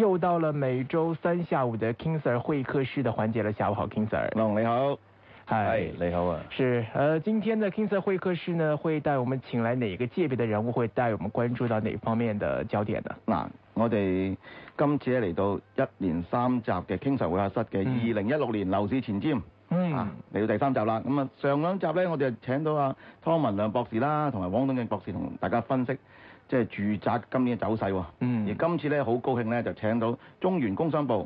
又到了每周三下午的 King Sir 會客室的環節了。下午好，King Sir。龍你好。嗨 Hi，hey, 你好啊。是，呃，今天的 King Sir 會客室呢，會帶我們請來哪個界別的人物，會帶我們關注到哪方面的焦點呢？嗱，我哋今次嚟到一連三集嘅 King Sir 會客室嘅二零一六年樓市前瞻。嗯嗯，啊，嚟到第三集啦，咁啊，上兩集呢，我哋就請到啊湯文亮博士啦，同埋汪敦敬博士同大家分析，即係住宅今年嘅走勢喎、啊。嗯，而今次呢，好高興呢，就請到中原工商鋪、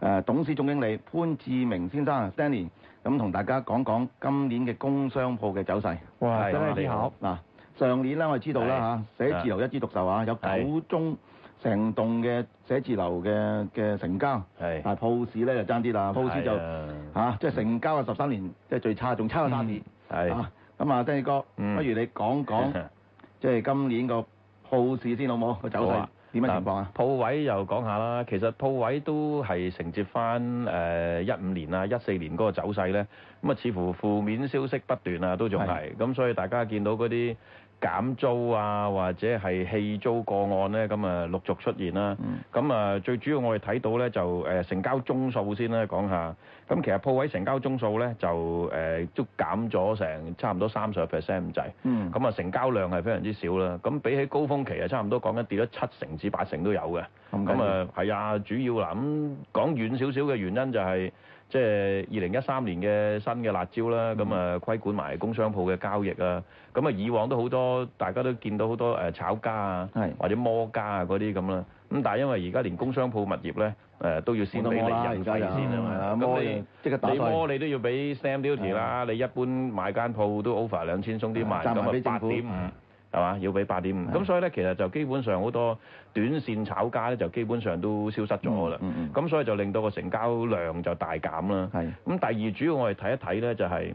呃、董事總經理潘志明先生 Stanley，咁同大家講講今年嘅工商鋪嘅走勢。喂，真係好嗱，上年呢，我哋知道啦是寫字樓一枝獨秀啊，有九宗。成棟嘅寫字樓嘅嘅成交，係，但係鋪市咧就爭啲啦。鋪市就嚇，即係成交啊十三年，即係最差，仲差咗三年。係。咁啊，志明哥，不如你講講即係今年個鋪市先好冇個走勢點樣情況啊？鋪位又講下啦，其實鋪位都係承接返誒一五年啊、一四年嗰個走勢咧。咁啊，似乎負面消息不斷啊，都仲係咁，所以大家見到嗰啲，減租啊，或者係棄租個案咧，咁啊，陸續出現啦。咁啊、嗯，最主要我哋睇到咧，就誒、呃、成交宗數先啦，講下。咁其實鋪位成交宗數咧，就誒、呃、都減咗成差唔多三十個 percent 咁滯。嗯。咁啊，成交量係非常之少啦。咁比起高峰期啊，差唔多講緊跌咗七成至八成都有嘅。咁咁啊，係啊，主要啦咁講遠少少嘅原因就係、是。即係二零一三年嘅新嘅辣椒啦，咁啊規管埋工商鋪嘅交易啊，咁啊以往都好多大家都見到好多誒炒家啊，是或者摩家啊嗰啲咁啦，咁但係因為而家連工商鋪物業咧誒都要先俾你潤費先啊嘛，咁你就你摩你,你都要俾 stamp duty 啦，你一般買間鋪都 over 兩千鬆啲萬咁啊八點五。係嘛？要俾八點五，咁的所以咧，其實就基本上好多短線炒家咧，就基本上都消失咗啦。咁、嗯嗯嗯、所以就令到個成交量就大減啦。咁的第二主要我哋睇一睇咧、就是，就係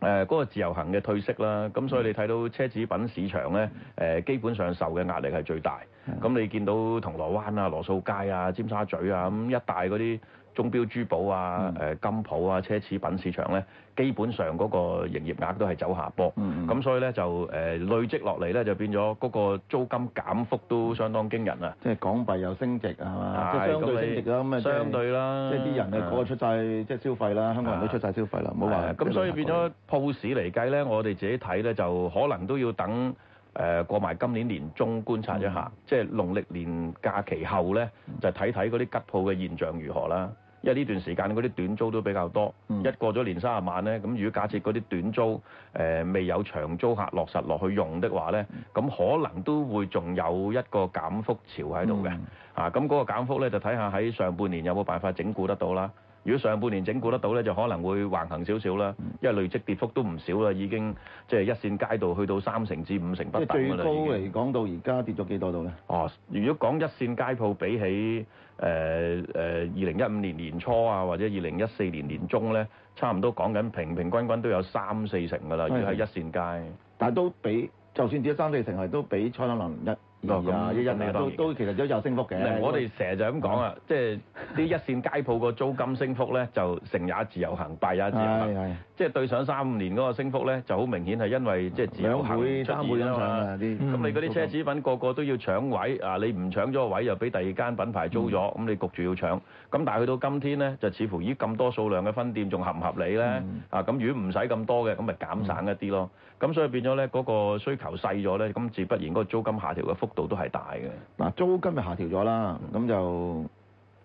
誒嗰個自由行嘅退息啦。咁所以你睇到奢侈品市場咧、呃，基本上受嘅壓力係最大。咁的你見到銅鑼灣啊、羅素街啊、尖沙咀啊咁一帶嗰啲。鐘錶珠寶啊、誒金鋪啊、奢侈品市場咧，基本上嗰個營業額都係走下坡，咁、嗯、所以咧就誒累積落嚟咧就變咗嗰個租金減幅都相當驚人啊！即係港幣又升值啊嘛，對即係相對升值咁啊你是相對啦，即係啲人啊過出晒即係消費啦，uh, 香港人都出晒消費啦，冇話咁所以變咗鋪市嚟計咧，uh, 我哋自己睇咧就可能都要等。誒、呃、過埋今年年中觀察一下，嗯、即係農曆年假期後咧，嗯、就睇睇嗰啲吉鋪嘅現象如何啦。因為呢段時間嗰啲短租都比較多，嗯、一過咗年卅晚咧，咁如果假設嗰啲短租誒、呃、未有長租客落實落去用的話咧，咁、嗯、可能都會仲有一個減幅潮喺度嘅。嗯、啊，咁嗰個減幅咧就睇下喺上半年有冇辦法整固得到啦。如果上半年整固得到咧，就可能會橫行少少啦，因為累積跌幅都唔少啦，已經即係一線街道去到三成至五成不等噶啦。已經最高嚟講到而家跌咗幾多度咧？哦，如果講一線街鋪比起誒誒二零一五年年初啊，或者二零一四年年中咧，差唔多講緊平平均均都有三四成噶啦，如果喺一線街。但都比就算跌三四成係都比初登臨一。一一都都其實都有升幅嘅。我哋成日就係咁講啊，係係。即係啲一線街鋪個租金升幅咧，就成也自由行，敗也自由行。係係。即係對上三五年嗰個升幅咧，就好明顯係因為即係自由行出現而。兩倍、嗯、三咁啲。咁你嗰啲奢侈品個個都要搶位啊！嗯、你唔搶咗個位，又俾第二間品牌租咗，咁、嗯、你焗住要搶。咁但係去到今天咧，就似乎咦咁多數量嘅分店仲合唔合理咧？嗯、啊，咁如果唔使咁多嘅，咁咪減省一啲咯。咁所以變咗咧，嗰個需求細咗咧，咁自不然嗰個租金下調嘅幅度都係大嘅。嗱、啊，租金就下調咗啦，咁就、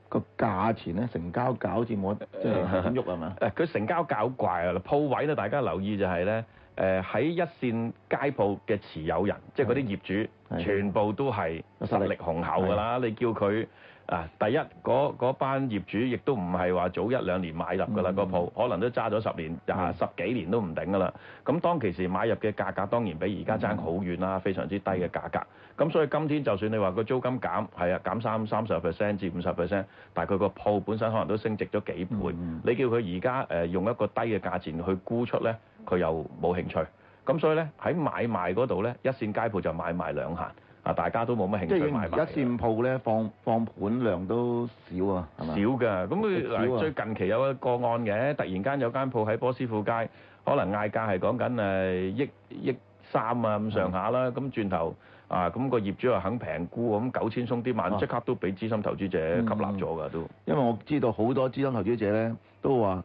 個價錢咧，成交好似冇得即係咁喐係嘛？誒、呃，佢成交較怪啊！鋪位咧，大家留意就係、是、咧，誒、呃、喺一線街鋪嘅持有人，即係嗰啲業主，的全部都係實力雄厚㗎啦，的你叫佢。啊！第一嗰班業主亦都唔係話早一兩年買入噶啦，個鋪、mm hmm. 可能都揸咗十年啊、mm hmm. 十幾年都唔頂噶啦。咁當其時買入嘅價格當然比而家爭好遠啦、啊，mm hmm. 非常之低嘅價格。咁所以今天就算你話個租金減，係啊減三三十 percent 至五十 percent，但係佢個鋪本身可能都升值咗幾倍。Mm hmm. 你叫佢而家誒用一個低嘅價錢去沽出咧，佢又冇興趣。咁所以咧喺買賣嗰度咧，一線街鋪就買賣兩難。啊！大家都冇乜興趣賣。一線鋪咧，放放盤量都少啊，少㗎。咁佢、啊、最近期有個案嘅，突然間有間鋪喺波斯富街，可能嗌價係講緊誒億億三啊咁上下啦。咁、嗯、轉頭啊，咁、個業主又肯平估，咁、嗯、九千鬆啲萬即刻都俾資深投資者吸納咗㗎、啊嗯、都。因為我知道好多資深投資者咧都話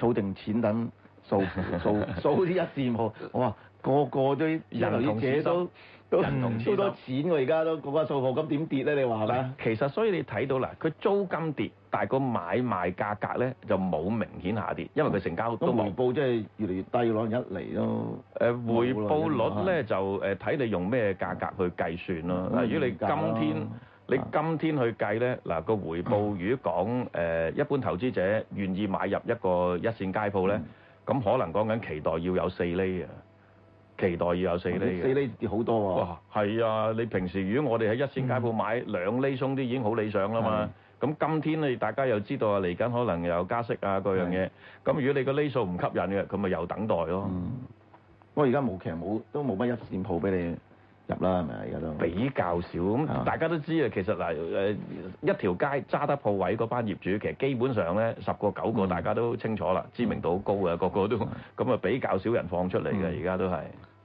儲定錢等數數 數啲一線鋪，我話個個都業者都。都唔同，超多，多錢喎、啊！而家都嗰、嗰個數庫咁點跌咧？你話嘛？其實所以你睇到啦，佢租金跌，但係個買賣價格咧就冇明顯下跌，因為佢成交都冇。都、啊、回報即係越嚟越低咯，一嚟咯。誒回報率咧是就誒睇你用咩價格去計算咯。例、啊、如果你今天、啊、你今天去計咧嗱個回報如說，如果講誒一般投資者願意買入一個一線街鋪咧，咁、嗯、可能講緊期待要有四厘。啊。期待要有四厘，四厘跌好多喎、啊。哇，係啊！你平時如果我哋喺一線街鋪買、嗯、兩厘鬆啲已經好理想啦嘛。咁的今天你大家又知道啊，嚟緊可能又加息啊嗰樣嘢。咁的如果你個厘數唔吸引嘅，咁咪又等待咯、啊嗯啊。嗯，我而家冇其實冇都冇乜一線鋪俾你入啦，係咪而家都比較少。咁大家都知啊，其實嗱一條街揸得鋪位嗰班業主，其實基本上咧十個九個大家都清楚啦，嗯、知名度好高啊，個個都咁啊、嗯、比較少人放出嚟嘅，而家、嗯、都係。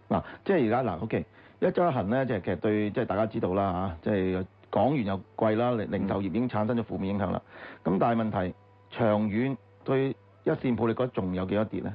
嗱、啊，即係而家嗱，OK，一週一行咧，就其實對即係大家知道啦嚇，即係港元又貴啦，零零售業已經產生咗負面影響啦。咁、嗯、但係問題，長遠對一線鋪你覺得仲有幾多跌咧？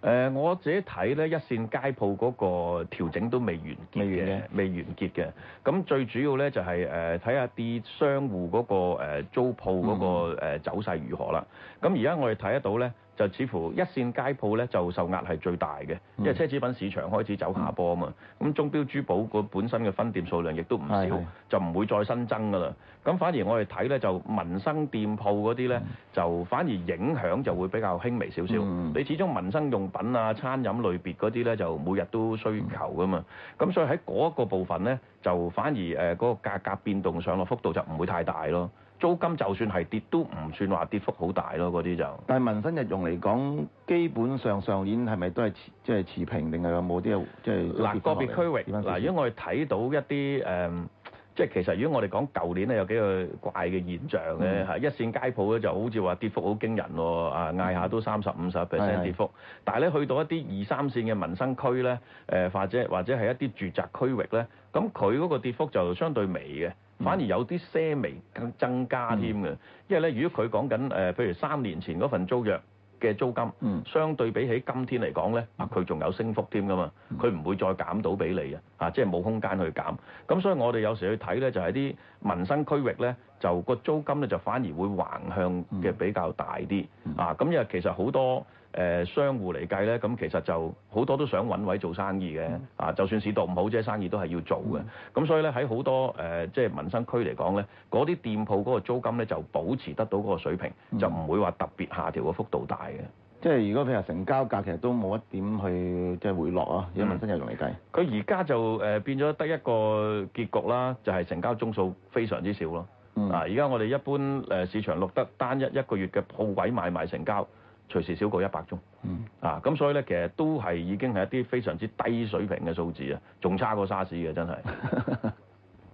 誒、呃，我自己睇咧，一線街鋪嗰個調整都未完結嘅，未完結嘅。咁最主要咧就係、是、誒，睇下啲商戶嗰、那個、呃、租鋪嗰、那個、嗯呃、走勢如何啦。咁而家我哋睇得到咧。就似乎一線街鋪咧就受壓係最大嘅，因為奢侈品市場開始走下坡啊嘛。咁鐘錶珠寶本身嘅分店數量亦都唔少，就唔會再新增㗎啦。咁反而我哋睇咧就民生店鋪嗰啲咧，就反而影響就會比較輕微少少。你始終民生用品啊、餐飲類別嗰啲咧，就每日都需求㗎嘛。咁所以喺嗰一個部分咧，就反而誒嗰個價格變動上落幅度就唔會太大咯。租金就算係跌都唔算話跌幅好大咯，嗰啲就。但係民生日用嚟講，基本上上年係咪都係即係持平定係有冇啲即係嗱個別區域嗱，如果我哋睇到一啲誒、嗯，即係其實如果我哋講舊年咧有幾個怪嘅現象咧，係、嗯、一線街鋪咧就好似話跌幅好驚人喎、哦，啊嗌下都三十五十 percent 跌幅，嗯、但係咧去到一啲二三線嘅民生區咧，誒、呃、或者或者係一啲住宅區域咧，咁佢嗰個跌幅就相對微嘅。反而有啲些微增加添嘅，嗯、因為咧，如果佢講緊誒，譬如三年前嗰份租約嘅租金，嗯，相對比起今天嚟講咧，嗯、啊，佢仲有升幅添噶嘛，佢唔、嗯、會再減到俾你嘅，啊，即係冇空間去減。咁所以我哋有時去睇咧，就係、是、啲民生區域咧，就個租金咧就反而會橫向嘅比較大啲，嗯、啊，咁因為其實好多。誒商戶嚟計咧，咁其實就好多都想揾位做生意嘅，啊、嗯，就算市道唔好啫，生意都係要做嘅。咁、嗯、所以咧喺好多誒即係民生區嚟講咧，嗰啲店鋪嗰個租金咧就保持得到嗰個水平，嗯、就唔會話特別下調嘅幅度大嘅。即係如果譬如成交價其實都冇一點去即係回落啊，而家民生又面嚟計。佢而家就誒變咗得一個結局啦，就係、是、成交宗數非常之少咯。啊、嗯，而家我哋一般誒市場錄得單一一個月嘅鋪位買賣成交，隨時少過一百宗，嗯、啊，咁所以咧，其實都係已經係一啲非常之低水平嘅數字啊，仲差過沙士嘅真係。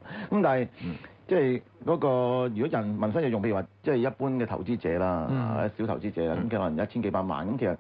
咁 但係是，嗯、即係嗰、那個如果人民生有用，譬如話，即係一般嘅投資者啦、嗯啊，小投資者啊，咁可能一千幾百萬，咁其實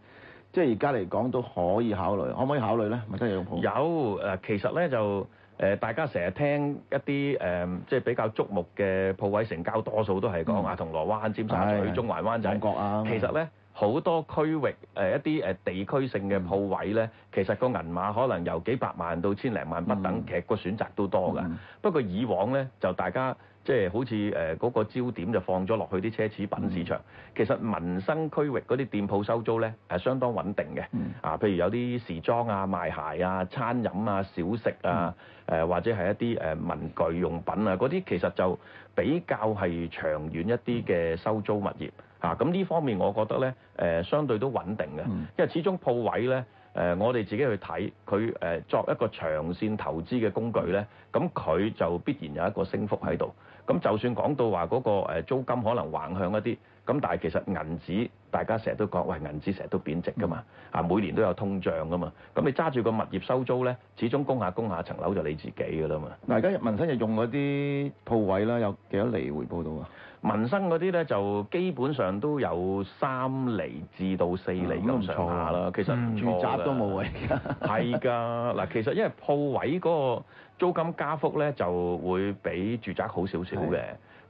即係而家嚟講都可以考慮，可唔可以考慮咧？民生有用有，誒，其實咧就誒、呃，大家成日聽一啲誒、呃，即係比較矚目嘅鋪位成交，多數都係講啊，嗯、銅鑼灣、尖沙咀、哎、呀中環灣仔、就是，國啊、其實咧。好多區域、呃、一啲、呃、地區性嘅鋪位咧，其實個銀碼可能由幾百萬到千零萬不等，嗯、其實個選擇都多㗎。嗯、不過以往咧就大家。即係好似嗰個焦點就放咗落去啲奢侈品市場，嗯、其實民生區域嗰啲店鋪收租呢係相當穩定嘅。啊、嗯，譬如有啲時裝啊、賣鞋啊、餐飲啊、小食啊，嗯、或者係一啲文具用品啊，嗰啲其實就比較係長遠一啲嘅收租物業。嗯啊、咁呢方面我覺得呢，呃、相對都穩定嘅，嗯、因為始終鋪位呢。誒、呃，我哋自己去睇佢誒，作一個長線投資嘅工具咧，咁佢就必然有一個升幅喺度。咁就算講到話嗰個租金可能橫向一啲，咁但係其實銀紙大家成日都講，喂，銀紙成日都貶值噶嘛啊，每年都有通脹噶嘛，咁你揸住個物業收租咧，始終供下供下層樓就你自己噶啦嘛。嗱，而家入民生日用嗰啲鋪位啦，有幾多厘回報到啊？民生嗰啲咧就基本上都有三厘至到四厘咁上下啦，嗯啊、其實住宅都冇位啦。係㗎，嗱，其實因為鋪位嗰個租金加幅咧就會比住宅好少少嘅。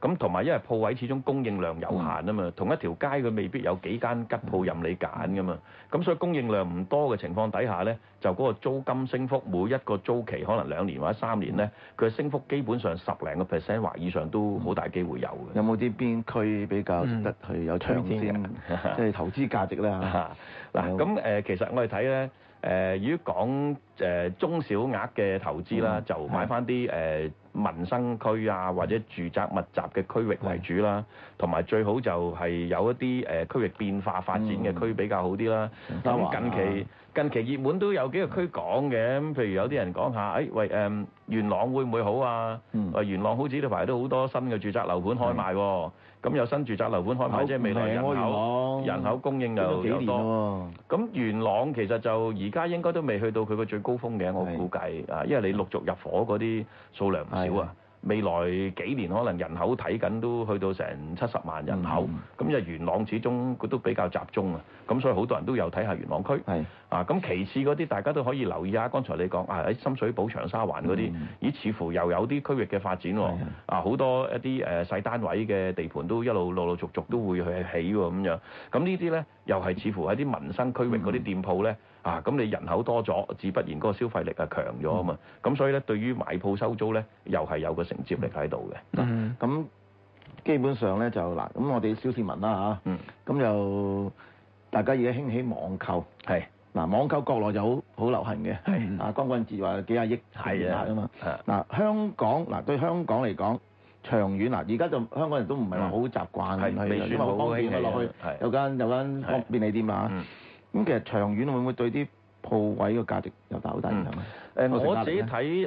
咁同埋因為鋪位始終供應量有限啊嘛，嗯、同一條街佢未必有幾間吉鋪任你揀噶嘛，咁、嗯、所以供應量唔多嘅情況底下咧，就嗰個租金升幅每一個租期可能兩年或者三年咧，佢嘅、嗯、升幅基本上十零個 percent 或以上都好大機會有嘅。有冇啲邊區比較得去有長線，即係、嗯、 投資價值咧？嗱、 嗯，咁誒、呃、其實我哋睇咧，誒如果講。誒中小額嘅投資啦，就買翻啲誒民生區啊，或者住宅密集嘅區域為主啦。同埋最好就係有一啲誒區域變化發展嘅區比較好啲啦。咁近期近期熱門都有幾個區講嘅，譬如有啲人講下，誒喂誒元朗會唔會好啊？喂元朗好似呢排都好多新嘅住宅樓盤開賣喎。咁有新住宅樓盤開賣，即係未來人口人口供應又又多。咁元朗其實就而家應該都未去到佢個最高峰嘅，我估計啊，是因為你陸續入伙嗰啲數量唔少啊。的未來幾年可能人口睇緊都去到成七十萬人口，咁、嗯、因為元朗始終佢都比較集中啊，咁所以好多人都有睇下元朗區。係啊的，咁其次嗰啲大家都可以留意下，剛才你講啊喺深水埗、長沙灣嗰啲，咦、嗯、似乎又有啲區域嘅發展喎，啊好的多一啲誒細單位嘅地盤都一路陸陸續續都會去起喎咁樣。咁呢啲咧又係似乎喺啲民生區域嗰啲店鋪咧。嗯嗯。啊，咁你人口多咗，自不然嗰個消費力啊強咗啊嘛，咁所以咧對於買鋪收租咧，又係有個承接力喺度嘅。嗯。咁基本上咧就嗱，咁我哋小市民啦嚇。嗯。咁就大家而家興起網購，係嗱，網購國內就好好流行嘅。係。啊光棍節話幾廿億係啊嘛。係啊。嗱，香港嗱，對香港嚟講，長遠嗱，而家就香港人都唔係話好習慣去，因為方便落去有間有間便利店啊。咁其實長遠會唔會對啲鋪位嘅價值有大好大影響？嗯呃、我自己睇誒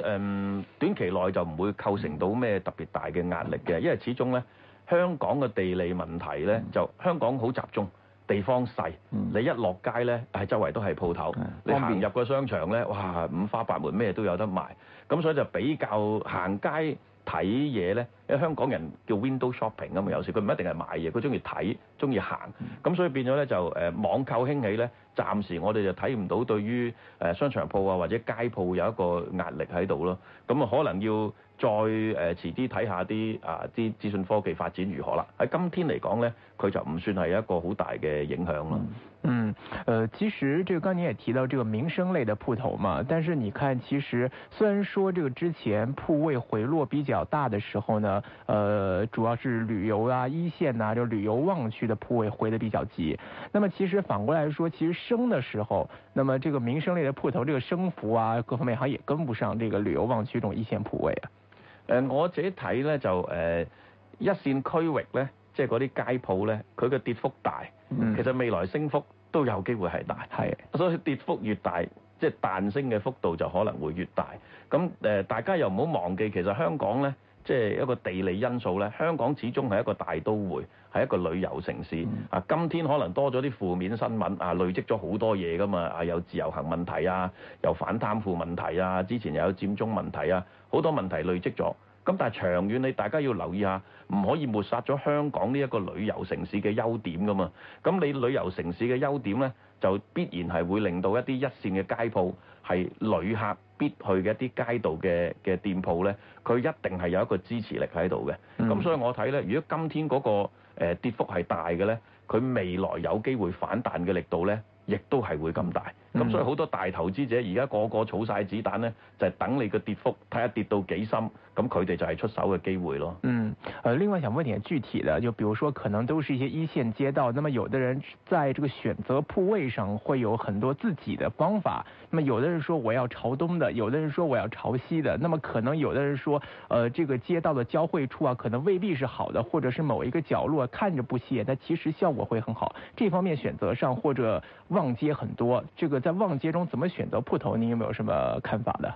短期內就唔會構成到咩特別大嘅壓力嘅，因為始終咧香港嘅地理問題咧，嗯、就香港好集中，地方細，嗯、你一落街咧喺周圍都係鋪頭，便你行入個商場咧，哇五花八門咩都有得賣，咁所以就比較行街。嗯睇嘢咧，因為香港人叫 window shopping 啊嘛，有時佢唔一定係買嘢，佢中意睇，中意行，咁、嗯、所以變咗咧就誒網購興起咧。暫時我哋就睇唔到對於誒商場鋪啊或者街鋪有一個壓力喺度咯，咁啊可能要再誒、呃、遲啲睇下啲啊啲資訊科技發展如何啦。喺今天嚟講呢，佢就唔算係一個好大嘅影響咯、嗯。嗯，誒、呃，其實剛剛也提到這個民生類的鋪頭嘛，但是你看其實雖然說這個之前鋪位回落比較大的時候呢，誒、呃，主要是旅遊啊、一線啊，就旅遊旺區的鋪位回得比較急。那麼其實反過來說，其實。升嘅時候，那麼這個民生類的鋪頭，這個升幅啊，各方面可以也跟不上這個旅遊旺區種一線鋪位啊。誒、呃，我自己睇咧就誒、呃，一線區域咧，即係嗰啲街鋪咧，佢嘅跌幅大，其實未來升幅都有機會係大。係、嗯，所以跌幅越大，即係彈升嘅幅度就可能會越大。咁誒、呃，大家又唔好忘記，其實香港咧。即係一個地理因素咧，香港始終係一個大都會，係一個旅遊城市。啊、嗯，今天可能多咗啲負面新聞，啊累積咗好多嘢㗎嘛，啊有自由行問題啊，有反貪腐問題啊，之前又有佔中問題啊，好多問題累積咗。咁但係長遠你大家要留意下，唔可以抹殺咗香港呢一個旅遊城市嘅優點㗎嘛。咁你旅遊城市嘅優點咧，就必然係會令到一啲一線嘅街鋪。係旅客必去嘅一啲街道嘅、嘅店鋪咧，佢一定係有一個支持力喺度嘅。咁、嗯、所以我睇咧，如果今天嗰、個、呃、跌幅係大嘅咧，佢未來有機會反彈嘅力度咧，亦都係會咁大。咁所以好多大投資者而家個個儲曬子彈呢，就係等你個跌幅睇下跌到幾深，咁佢哋就係出手嘅機會咯。嗯，呃另外想問點具體的，就比如說可能都是一些一線街道，那麼有的人在這個選擇鋪位上會有很多自己的方法，那麼有的人說我要朝東的，有的人說我要朝西的，那麼可能有的人說，呃這個街道的交匯處啊，可能未必是好的，或者是某一個角落看着不顯，但其實效果會很好。這方面選擇上或者望街很多，這個在旺街中，怎麼選擇鋪頭？你有冇有什麼看法咧？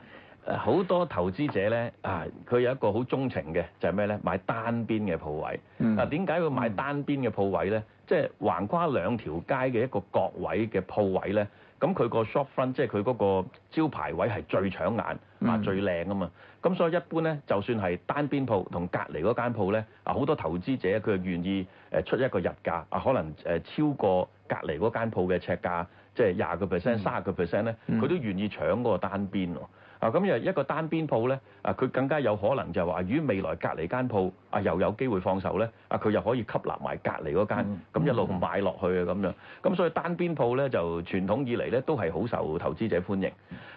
誒，好多投資者咧，啊，佢有一個好鍾情嘅就係咩咧？買單邊嘅鋪位。嗯、啊，點解要買單邊嘅鋪位咧？嗯、即係橫跨兩條街嘅一個角位嘅鋪位咧。咁佢個 shop front，即係佢嗰個招牌位是搶，係最搶眼啊，最靚啊嘛。咁所以一般咧，就算係單邊鋪同隔離嗰間鋪咧，啊，好多投資者佢願意誒出一個日價啊，可能、呃、超過隔離嗰間鋪嘅尺價。即係廿個 percent、卅個 percent 咧，佢都願意搶嗰個單邊喎。嗯、啊，咁又一個單邊鋪咧，啊，佢更加有可能就係話，如果未來隔離間鋪啊又有機會放手咧，啊，佢又可以吸納埋隔離嗰間，咁、嗯、一路買落去啊咁樣。咁所以單邊鋪咧就傳統以嚟咧都係好受投資者歡迎。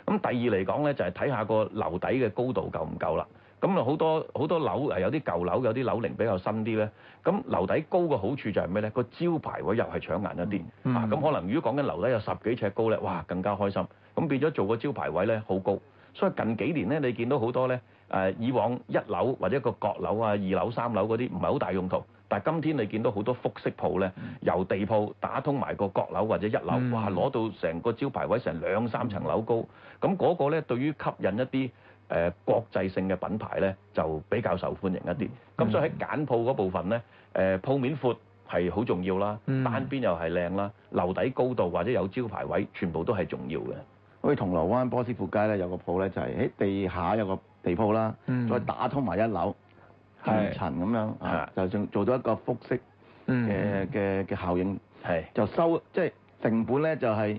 咁第二嚟講咧就係、是、睇下個樓底嘅高度夠唔夠啦。咁啊好多好多樓，有啲舊樓，有啲樓齡比較新啲咧，咁樓底高嘅好處就係咩咧？個招牌位又係搶眼一啲、嗯、啊！咁可能如果講緊樓底有十幾尺高咧，哇更加開心！咁變咗做個招牌位咧好高，所以近幾年咧你見到好多咧、呃、以往一樓或者一個閣樓啊、二樓三樓嗰啲唔係好大用途，但係今天你見到好多複式鋪咧，嗯、由地鋪打通埋個閣樓或者一樓，嗯、哇攞到成個招牌位成兩三層樓高，咁嗰個咧對於吸引一啲。誒國際性嘅品牌咧就比較受歡迎一啲，咁、嗯、所以喺揀鋪嗰部分咧，誒鋪面闊係好重要啦，嗯、單邊又係靚啦，樓底高度或者有招牌位，全部都係重要嘅。好似銅鑼灣波斯富街咧有個鋪咧就係喺地下有個地鋪啦，再、嗯、打通埋一樓二層咁樣，是就做做咗一個複式嘅嘅嘅效應，是就收即係、就係、成本咧就係、是、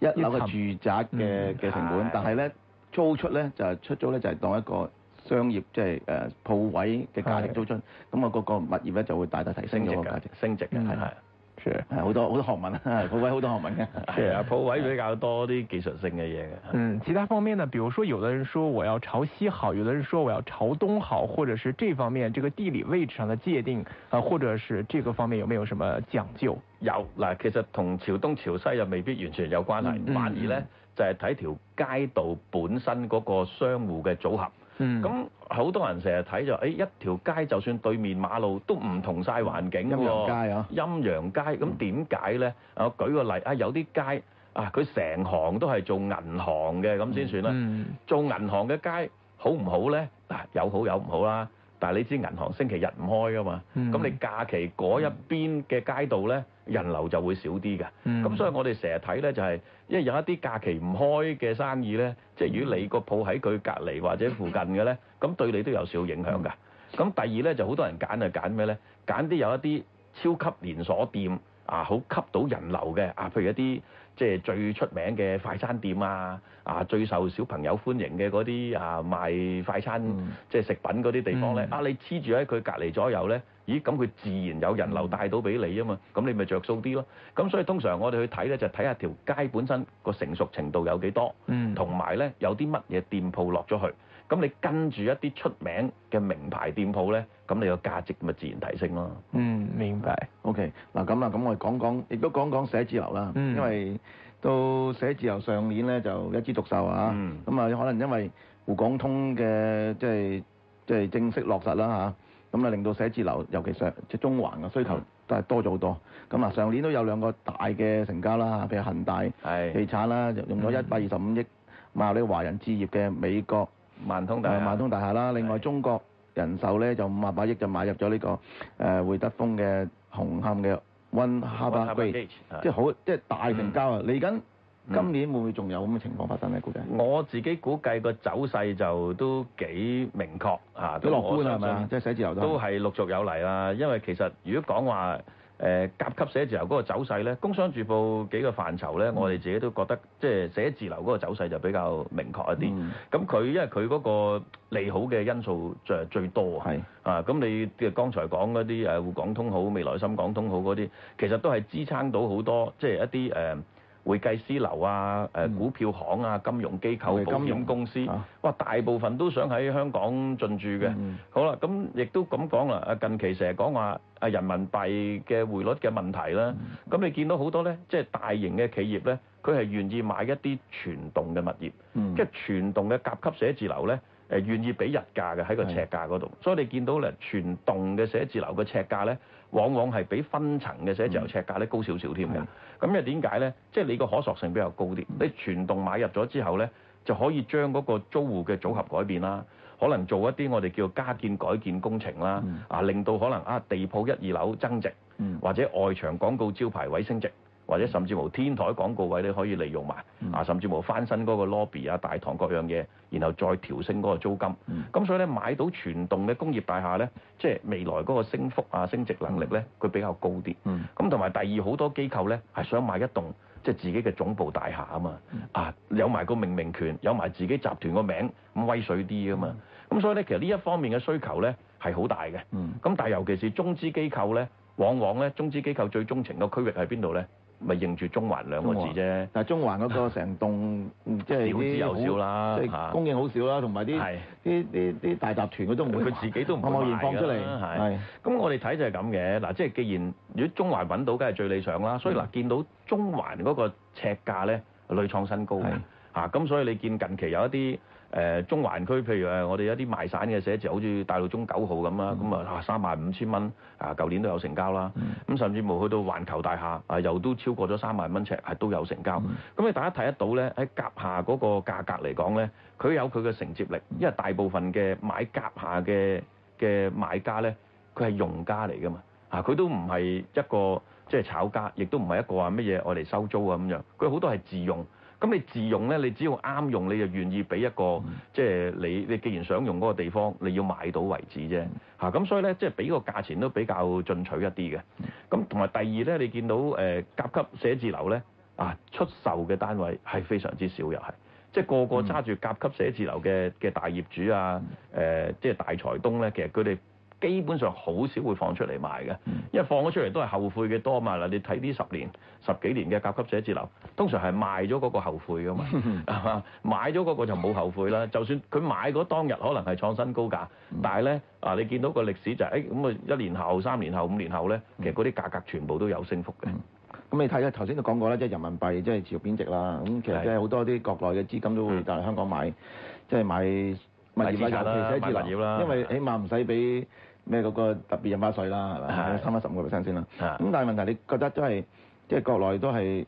一樓嘅住宅嘅嘅成本，嗯、但係咧。租出咧就係出租咧就係當一個商業，即係誒鋪位嘅價值租出，咁啊個個物業咧就會大大提升嗰個價值，升值嘅係係係好多好多學問啊，鋪位好多學問嘅係啊，鋪位比較多啲技術性嘅嘢嘅。嗯，其他方面呢，比如說有的人說我要朝西好，有的人說我要朝東好，或者是這方面這個地理位置上嘅界定啊，或者是這個方面有沒有什麼講究？有嗱，其實同朝東朝西又未必完全有關係，反而咧。就係睇條街道本身嗰個商戶嘅組合，咁好多人成日睇就，誒一條街就算對面馬路都唔同晒環境喎，陰陽街嗬，陰陽街咁點解咧？啊，舉個例，啊有啲街啊，佢成行都係做銀行嘅，咁先算啦。做銀行嘅街好唔好咧？嗱，有好有唔好啦。但係你知銀行星期日唔開噶嘛？咁、嗯、你假期嗰一邊嘅街道咧、嗯、人流就會少啲嘅。咁、嗯、所以我哋成日睇咧就係、是，因為有一啲假期唔開嘅生意咧，即係如果你個鋪喺佢隔離或者附近嘅咧，咁對你都有少少影響㗎。咁、嗯、第二咧就好多人揀就揀咩咧？揀啲有一啲超級連鎖店啊，好吸到人流嘅啊，譬如一啲。.即係最出名嘅快餐店啊！啊，最受小朋友歡迎嘅嗰啲啊，賣快餐、嗯、即係食品嗰啲地方咧、嗯、啊，你黐住喺佢隔離左右咧，咦咁佢自然有人流帶到俾你啊嘛，咁你咪着數啲咯。咁所以通常我哋去睇咧就睇下條街本身個成熟程度有幾多、嗯、同埋咧有啲乜嘢店鋪落咗去。咁你跟住一啲出名嘅名牌店鋪咧，咁你個價值咪自然提升咯。嗯，明白。O K，嗱咁啊，咁我哋講講亦都講講寫字樓啦，嗯、因為到寫字樓上年咧就一枝獨秀啊，咁啊、嗯、可能因為滬港通嘅即係即係正式落實啦、啊、吓，咁啊令到寫字樓，尤其是即中環嘅需求都係多咗好多。咁啊是上年都有兩個大嘅成交啦，譬如恒大地是產啦，用咗一百二十五億買呢個華人置業嘅美國。萬通大，萬通大廈啦。另外中國人壽咧就五十八億就買入咗呢、呢個、呃、會德豐嘅紅磡嘅 One Harbour Gate 即係好，即、就、係、是、大成交啊！嚟緊、嗯嗯、今年會唔會仲有咁嘅情況發生咧？估、嗯、我自己估計個走勢就都幾明確嚇，都樂觀係咪啊？即係寫字樓都都係陸續有嚟啦。因為其實如果講話。誒、呃、甲級寫字樓嗰個走勢咧，工商住鋪幾個範疇咧，嗯、我哋自己都覺得即係寫字樓嗰個走勢就比較明確一啲。咁佢、嗯、因為佢嗰個利好嘅因素就最，最多是啊。啊，咁你嘅剛才講嗰啲誒滬港通好、未來深港通好嗰啲，其實都係支撐到好多即係一啲誒。呃會計師樓啊，誒、嗯、股票行啊，金融機構、保險公司，啊、哇，大部分都想喺香港進駐嘅。嗯、好啦，咁亦都咁講啦，啊近期成日講話啊人民幣嘅匯率嘅問題啦，咁、嗯、你見到好多咧，即、就、係、是、大型嘅企業咧，佢係願意買一啲全棟嘅物業，嗯、即係全棟嘅甲級寫字樓咧。係願意俾日價嘅喺個尺價嗰度，的所以你見到咧全棟嘅寫字樓嘅尺價咧，往往係比分層嘅寫字樓嘅尺價咧高少少添㗎。咁又點解咧？即係、就是、你個可塑性比較高啲，你全棟買入咗之後咧，就可以將嗰個租戶嘅組合改變啦，可能做一啲我哋叫做加建改建工程啦，的啊令到可能啊地鋪一、二樓增值，的或者外牆廣告招牌位升值。或者甚至乎天台廣告位你可以利用埋，嗯、啊甚至乎翻新嗰個 lobby 啊大堂各樣嘢，然後再調升嗰個租金。咁、嗯、所以咧買到全棟嘅工業大廈咧，即係未來嗰個升幅啊升值能力咧，佢比較高啲。咁同埋第二好多機構咧係想買一棟即係、就是、自己嘅總部大廈啊嘛，嗯、啊有埋個命名權，有埋自己集團個名咁威水啲啊嘛。咁、嗯、所以咧其實呢一方面嘅需求咧係好大嘅。咁、嗯、但係尤其是中資機構咧，往往咧中資機構最鍾情個區域喺邊度咧？咪認住中環兩個字啫。但係中環嗰個成棟，即係少之又少啦嚇。即係、供應好少啦，同埋啲啲啲啲大集團佢都唔，佢自己都唔可以放出嚟。咁的我哋睇就係咁嘅。嗱，即係既然如果中環搵到，梗係最理想啦。所以嗱，的見到中環嗰個尺價咧，屢創新高嘅咁的、啊、所以你見近期有一啲。誒、呃、中環區，譬如誒我哋一啲賣散嘅寫字，好似大陸中九號咁、嗯、啊，咁啊嚇三萬五千蚊，啊舊年都有成交啦。咁、嗯、甚至無去到環球大廈，啊又都超過咗三萬蚊尺，係都有成交。咁你、嗯、大家睇得到咧，喺甲廈嗰個價格嚟講咧，佢有佢嘅承接力，因為大部分嘅買甲廈嘅嘅買家咧，佢係用家嚟噶嘛，啊佢都唔係一個即係炒家,亦都唔係一個話乜嘢我哋收租啊咁樣，佢好多係自用。咁你自用咧，你只要啱用你就願意俾一個，即係你你既然想用嗰個地方，你要買到為止啫，嚇咁所以咧，即係俾個價錢都比較進取一啲嘅。咁同埋第二咧，你見到誒甲級寫字樓咧，啊出售嘅單位係非常之少又係，即係個個揸住甲級寫字樓嘅嘅大業主啊，誒即係大財東咧，其實佢哋，基本上好少會放出嚟賣嘅，因為放咗出嚟都係後悔嘅多嘛。嗱，你睇啲十年、十幾年嘅甲級寫字樓，通常係賣咗嗰個後悔嘅嘛，係 買咗嗰個就冇後悔啦。就算佢買嗰當日可能係創新高價，但係咧啊，你見到個歷史就係、係，誒咁啊一年後、三年後、五年後咧，其實嗰啲價格全部都有升幅嘅。咁、嗯、你睇下頭先都講過啦，即係人民幣即係持續貶值啦。咁其實即係好多啲國內嘅資金都會帶嚟香港買，的即係買,買,買物業啦，寫字樓啦，因為起碼唔使俾。咩嗰個特別印花稅啦，係咪？三十五個 percent 先啦。咁但係問題，你覺得都係即係國內都係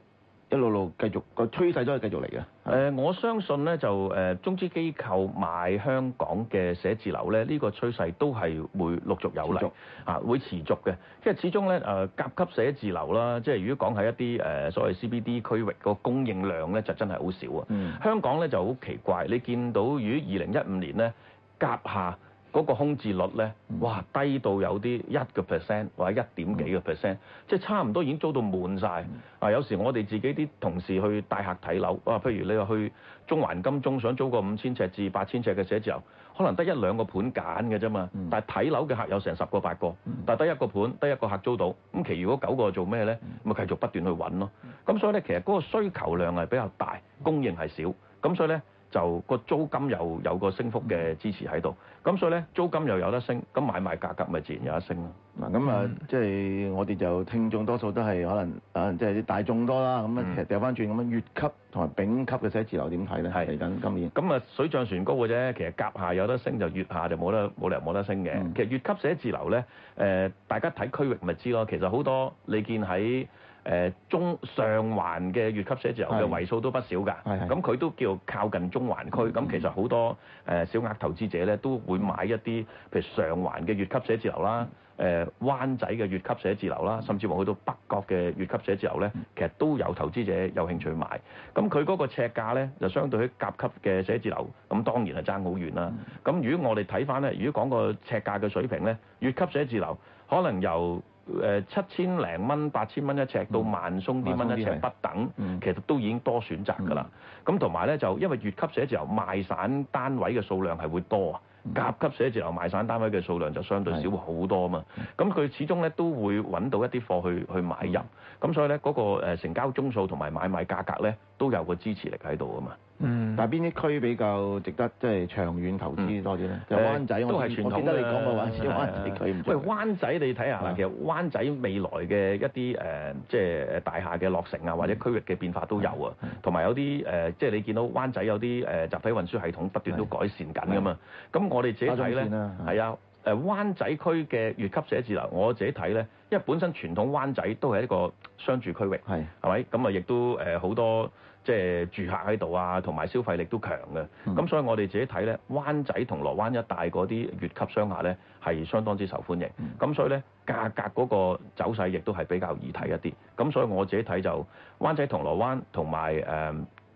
一路路繼續個趨勢都係繼續嚟嘅。誒，我相信咧就誒，中資機構買香港嘅寫字樓咧，呢個趨勢都係會陸續有嚟嚇，會持續嘅。即係始終咧誒，甲級寫字樓啦，即係如果講喺一啲誒所謂 CBD 區域個供應量咧，就真係好少啊。香港咧就好奇怪，你見到於二零一五年咧，甲下。嗰個空置率咧，哇，低到有啲一個 percent 或者一點幾個 percent，即係差唔多已經租到滿晒。嗯、啊，有時我哋自己啲同事去帶客睇樓，啊，譬如你話去中環金鐘想租個五千尺至八千尺嘅寫字樓，可能得一兩個盤揀嘅啫嘛。但係睇樓嘅客有成十個八個，但係得一個盤，得一個客租到。咁其餘嗰九個做咩咧？咁咪繼續不斷去揾咯。咁所以咧，其實嗰個需求量係比較大，供應係少。咁所以咧。就個租金又有，有個升幅嘅支持喺度，咁所以咧，租金又有得升，咁買賣價格咪自然有得升咯。嗱、嗯，咁啊，即係我哋就聽眾多數都係可能啊，即、呃、係、即係啲、大眾多啦，咁啊，掉翻轉咁啊，乙級同埋丙級嘅寫字樓點睇咧？係嚟緊是今年，咁啊水漲船高嘅啫。其實甲廈有得升就乙廈就冇得冇理由冇得升嘅、嗯呃。其實乙級寫字樓咧，大家睇區域咪知咯。其實好多你見喺。誒、呃、中上環嘅乙級寫字樓嘅為數都不少㗎，咁佢都叫靠近中環區，咁、嗯、其實好多誒、呃、小額投資者咧都會買一啲，譬如上環嘅乙級寫字樓啦，誒、嗯呃、灣仔嘅乙級寫字樓啦，嗯、甚至乎去到北角嘅乙級寫字樓咧，嗯、其實都有投資者有興趣買。咁佢嗰個尺價咧，就相對於甲級嘅寫字樓，咁當然係爭好遠啦。咁、嗯、如果我哋睇返咧，如果講個尺價嘅水平咧，乙級寫字樓可能由誒、呃、七千零蚊、八千蚊一尺、嗯、到萬鬆啲蚊一尺不等，嗯嗯、其實都已經多選擇㗎啦。咁同埋咧，就因為乙級寫字樓賣散單位嘅數量係會多啊，嗯、甲級寫字樓賣散單位嘅數量就相對少好多啊嘛。咁佢、嗯嗯、始終咧都會揾到一啲貨去去買入，咁、嗯、所以咧嗰、那個成交宗數同埋買賣價格咧都有個支持力喺度啊嘛。嗯，但係邊啲區比較值得即係長遠投資多啲咧？就灣仔，我我記得你講嘅灣仔，灣仔區。喂，灣仔你睇下，其實灣仔未來嘅一啲誒，即係大廈嘅落成啊，或者區域嘅變化都有啊。同埋有啲誒，即係你見到灣仔有啲誒集體運輸系統不斷都改善緊㗎嘛。咁我哋自己睇咧，係啊，誒灣仔區嘅甲級寫字樓，我自己睇咧，因為本身傳統灣仔都係一個商住區域，係係咪？咁啊，亦都誒好多。即係住客喺度啊，同埋消費力都強嘅，咁、嗯、所以我哋自己睇咧，灣仔銅鑼灣一帶嗰啲乙級商廈咧係相當之受歡迎，咁、嗯、所以咧價格嗰個走勢亦都係比較易睇一啲，咁所以我自己睇就灣仔銅鑼灣同埋誒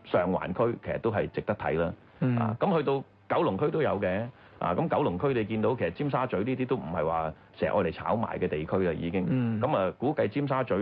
上環區其實都係值得睇啦，嗯、啊，咁去到九龍區都有嘅。啊，咁九龍區你見到其實尖沙咀呢啲都唔係話成日我哋炒賣嘅地區啦，已經。嗯。咁啊，估計尖沙咀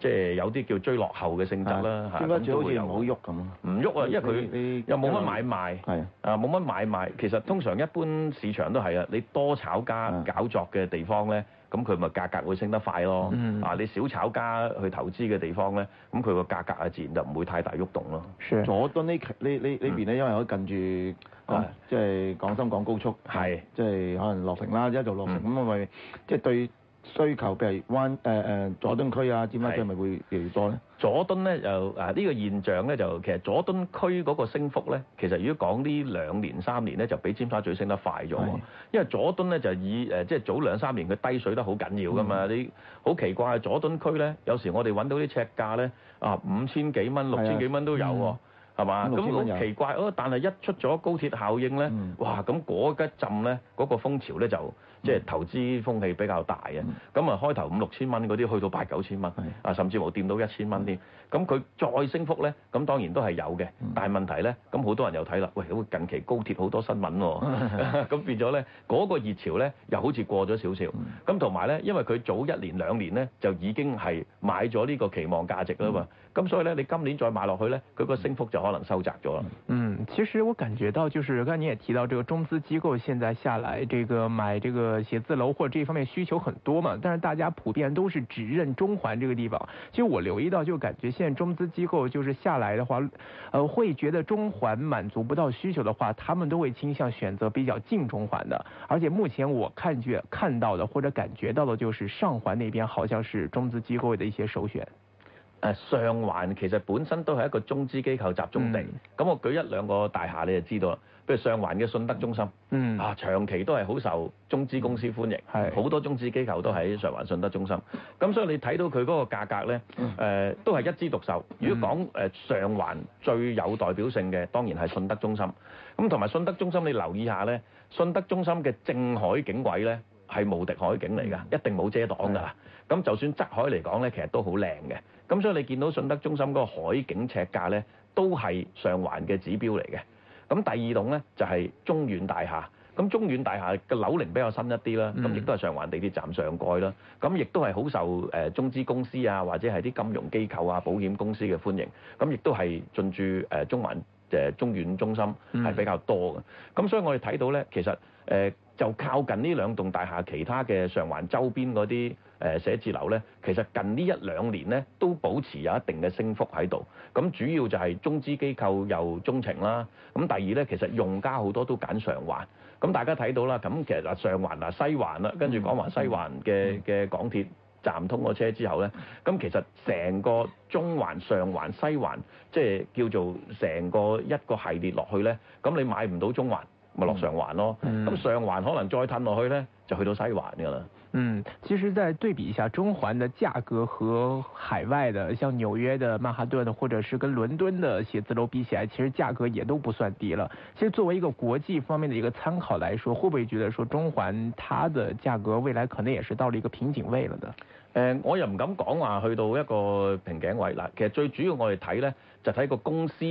即係、就是、有啲叫追落後嘅性質啦，係的。尖沙咀好似又唔好喐咁咯。唔喐啊，因為佢又冇乜買賣。係的。啊，冇乜買賣，其實通常一般市場都係啊，你多炒家搞作嘅地方咧，咁佢咪價格會升得快咯。嗯。啊，你少炒家去投資嘅地方咧，咁佢個價格啊自然就唔會太大喐動咯。是的。佐敦呢呢呢呢邊咧，因為我近住。啊、即係廣深港高速，係是即係可能落成啦，一路落成咁咪，即係、嗯、對需求，譬如灣誒誒佐敦區啊，尖沙咀咪會越嚟越多咧。佐敦咧就誒呢、呃，這個現象咧就其實佐敦區嗰個升幅咧，其實如果講呢兩年三年咧就比尖沙咀升得快咗，是因為佐敦咧就以誒、呃、即係早兩三年佢低水得好緊要㗎嘛。嗯、你好奇怪佐敦區咧，有時我哋揾到啲尺價咧啊五千幾蚊、的六千幾蚊都有喎、啊。嗯係嘛？咁好奇怪哦！但係一出咗高鐵效應咧，哇！咁嗰一陣咧，嗰個風潮咧就即係投資風氣比較大啊！咁啊，開頭五六千蚊嗰啲，去到八九千蚊啊，甚至乎掂到一千蚊添。咁佢再升幅咧，咁當然都係有嘅。但係問題咧，咁好多人又睇啦，喂！近期高鐵好多新聞喎，咁變咗咧嗰個熱潮咧，又好似過咗少少。咁同埋咧，因為佢早一年兩年咧，就已經係買咗呢個期望價值啊嘛。咁所以咧，你今年再買落去咧，佢個升幅就可能收窄咗。嗯，其實我感覺到，就是剛才你也提到，這個中資機構現在下來，這個買這個寫字樓或者這方面需求很多嘛，但是大家普遍都是只認中環這個地方。其實我留意到，就感覺現在中資機構就是下來的話，呃，會覺得中環滿足不到需求的話，他們都會傾向選擇比較近中環的。而且目前我看見看到的或者感覺到的，就是上環那邊好像是中資機構的一些首選。上環其實本身都係一個中資機構集中地，咁、嗯、我舉一兩個大廈你就知道啦，比如上環嘅信德中心，嗯啊，長期都係好受中資公司歡迎，好是多中資機構都喺上環信德中心，咁所以你睇到佢嗰個價格咧、呃，都係一枝獨秀。如果講上環最有代表性嘅，當然係信德中心，咁同埋信德中心你留意下咧，信德中心嘅正海景位咧。係無敵海景嚟噶，一定冇遮擋噶。咁的就算側海嚟講咧，其實都好靚嘅。咁所以你見到信德中心嗰個海景尺價咧，都係上環嘅指標嚟嘅。咁第二棟咧就係、是、中遠大廈。咁中遠大廈嘅樓齡比較新一啲啦，咁亦都係上環地鐵站上蓋啦。咁亦都係好受誒中資公司啊，或者係啲金融機構啊、保險公司嘅歡迎。咁亦都係進駐誒中環誒中遠中心係比較多嘅。咁、嗯、所以我哋睇到咧，其實誒，呃.就靠近呢兩棟大廈，其他嘅上環周邊嗰啲誒寫字樓咧，其實近呢一兩年咧都保持有一定嘅升幅喺度。咁主要就係中資機構又鍾情啦。咁第二咧，其實用家好多都揀上環。咁大家睇到啦，咁其實啊上環啊西環啦、啊，跟住講埋西環嘅嘅港鐵站通咗車之後咧，咁其實成個中環、上環、西環，即係叫做成個一個系列落去咧，咁你買唔到中環。咪落、嗯、上環咯，咁、嗯、上環可能再褪落去呢，就去到西環噶啦。嗯，其實再對比一下中環的價格和海外的，像紐約的曼哈頓或者是跟倫敦的寫字樓比起來，其實價格也都不算低了。其實作為一個國際方面的一個參考來說，會不會覺得說中環它的價格未來可能也是到了一個瓶頸位了呢？呃，我又唔敢講話去到一個瓶頸位啦。其實最主要我哋睇呢，就睇個公司。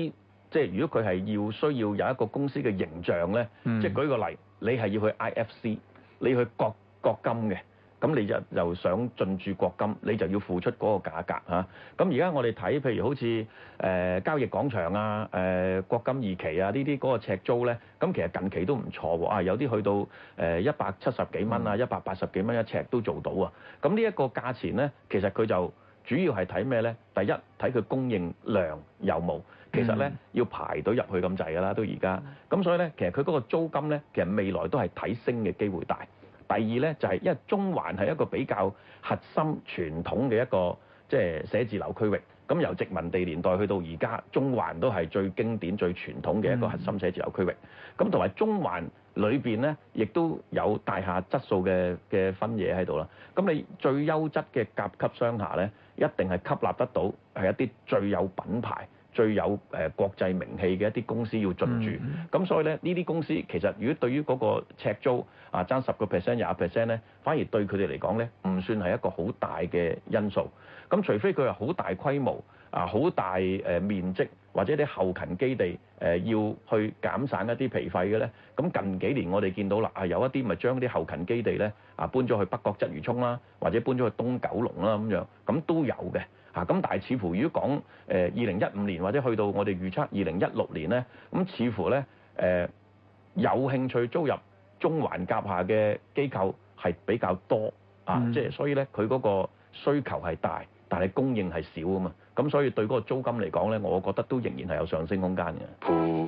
即係如果佢係要需要有一個公司嘅形象咧，嗯、即係舉個例，你係要去 IFC，你去國，國金嘅，咁你就又想進駐國金，你就要付出嗰個價格嚇。咁而家我哋睇，譬如好似、呃、交易廣場啊、誒、呃、國金二期啊呢啲嗰個尺租咧，咁其實近期都唔錯喎。啊，有啲去到誒一百七十幾蚊啊、一百八十幾蚊一尺都做到啊。咁呢一個價錢咧，其實佢就～主要係睇咩咧？第一睇佢供應量有冇，其實咧要排隊入去咁滯㗎啦，都而家。咁所以咧，其實佢嗰個租金咧，其實未來都係睇升嘅機會大。第二咧就係因為中環係一個比較核心傳統嘅一個即係寫字樓區域。咁由殖民地年代去到而家，中環都係最經典最傳統嘅一個核心寫字樓區域。咁同埋中環裏面咧，亦都有大廈質素嘅嘅分野喺度啦。咁你最優質嘅甲級商廈咧，一定係吸納得到，係一啲最有品牌、最有誒國際名氣嘅一啲公司要進駐。咁、嗯嗯、所以咧，呢啲公司其實如果對於嗰個尺租啊，爭十個 percent、廿 percent 咧，反而對佢哋嚟講咧，唔算係一個好大嘅因素。咁除非佢係好大規模、嗯、啊，好大面積。或者啲後勤基地誒、呃、要去減省一啲皮費嘅咧，咁近幾年我哋見到啦，係有一啲咪將啲後勤基地咧啊搬咗去北角鰂魚涌啦，或者搬咗去東九龍啦咁樣，咁都有嘅嚇。咁、啊、但係似乎如果講誒二零一五年或者去到我哋預測二零一六年咧，咁似乎咧誒、呃、有興趣租入中環甲廈嘅機構係比較多、嗯、啊，即、就、係、是、所以咧佢嗰個需求係大，但係供應係少啊嘛，咁所以對嗰個租金嚟講咧，我覺得都仍然係有上升空間嘅。